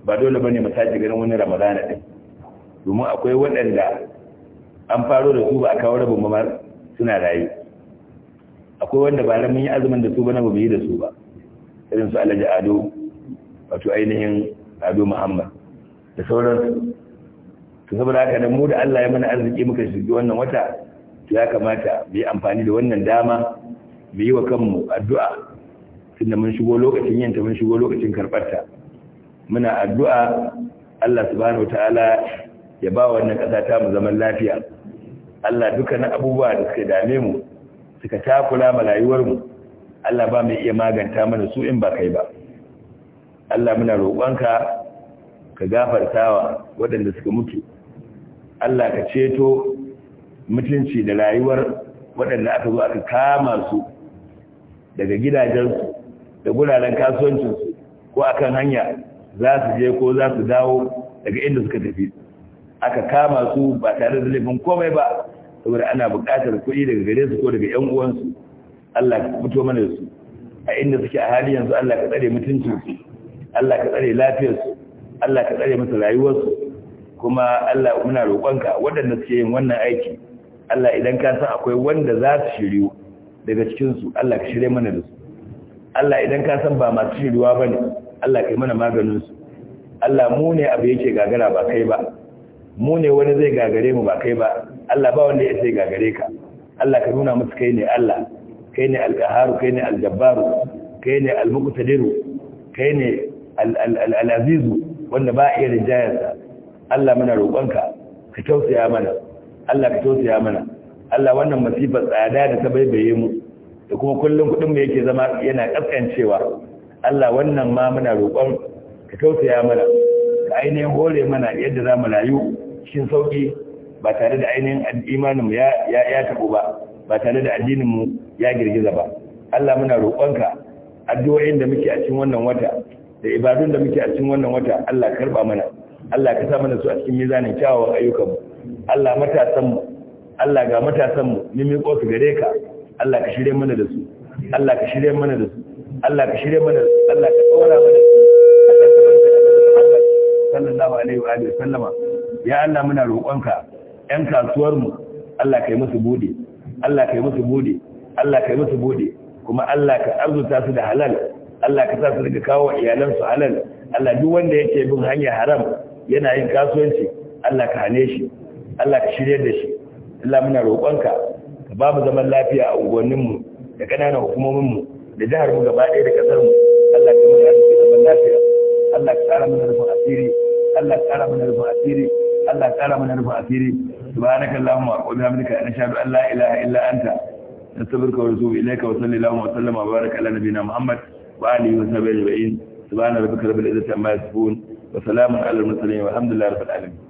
ba dole ba ne mu sake ganin wani ramadana ɗin domin akwai waɗanda an faro da su ba a kawo rabin mamar suna rayu akwai wanda ba ramin yi azumin da su ba na ba yi da su ba irin su alhaji ado wato ainihin ado muhammad da sauransu to saboda haka da mu da Allah ya mana arziki muka shirgi wannan wata to ya kamata mu yi amfani da wannan dama mu yi wa kanmu addu'a da mun shigo lokacin yanta mun shigo lokacin karɓarta muna addu'a Allah subhanahu ta'ala ya ba wannan ƙasa ta mu zaman lafiya Allah na abubuwa da suka dame mu suka takula ma rayuwarmu Allah ba mai iya maganta mana su in ba kai ba Allah muna roƙonka ka gafartawa waɗanda suka mutu Allah ka ceto mutunci da rayuwar waɗanda aka zo aka kama su daga gidajensu da guraren kasuwancinsu ko akan hanya za su je ko za su dawo daga inda suka tafi aka kama su ba tare da laifin komai ba saboda ana buƙatar kuɗi daga gare su ko daga 'yan uwansu Allah ka fito mana da su a inda suke a hali yanzu Allah ka tsare mutuncinsu Allah ka tsare lafiyarsu Allah ka tsare masa rayuwarsu kuma Allah muna roƙonka waɗanda suke yin wannan aiki Allah idan ka san akwai wanda za su shiryu daga cikinsu Allah ka shirye mana da su Allah idan ka san ba masu shiriwa ba ne Allah ka yi mana maganinsu Allah mu ne abu yake gagara ba kai ba mu ne wani zai gagare mu ba kai ba Allah ba wanda ya sai gagare ka Allah ka nuna musu kai ne Allah kai ne alkaharu kai ne aljabbaru kai ne almuqtadiru kai ne al-azizu wanda ba iya rinjayarsa Allah muna roƙonka ka tausaya mana Allah ka tausaya mana Allah wannan masifar tsada da ta baibaye mu da kuma kullum kudin mu yake zama yana kaskancewa Allah wannan ma muna roƙon ka tausaya mana ka ainihin hore mana yadda za mu rayu cikin sauki ba tare da ainihin imaninmu mu ya ya tabo ba ba tare da addinin mu ya girgiza ba Allah muna roƙonka addu'o'in da muke a cikin wannan wata da ibadun da muke a cikin wannan wata Allah karba mana Allah ka sa mana su a cikin mizanin kyawawan ayyukanmu Allah matasanmu Allah ga matasanmu mimiko su gare ka Allah ka shirye mana da su Allah ka shirye mana da su Allah ka shirye mana da su Allah ka tsora mana da su sallallahu alaihi wa alihi sallama ya Allah muna roƙonka ƴan kasuwar mu Allah kai musu bude Allah kai musu bude Allah kai musu bude kuma Allah ka arzuta su da halal Allah ka sa su daga kawo iyalan su halal Allah duk wanda yake bin hanyar haram yana yin kasuwanci Allah ka hane shi Allah ka shirye da shi Allah muna roƙonka ka ba mu zaman lafiya a unguwanninmu da ƙananan hukumominmu da jihar mu gaba ɗaya da ƙasar mu Allah ka muna rufe zaman lafiya Allah ka tsara mana rufin asiri Allah ka tsara mana rufin asiri Allah ka tsara mana rufin asiri subhanaka allahumma wa bihamdika nashhadu an la ilaha illa anta nastaghfiruka wa natubu ilayka wa sallallahu wa sallama wa baraka ala nabiyyina muhammad wa alihi wa sahbihi ajma'in subhana rabbika rabbil izzati amma yasifun wa salamun ala al mursalin walhamdulillahi rabbil alamin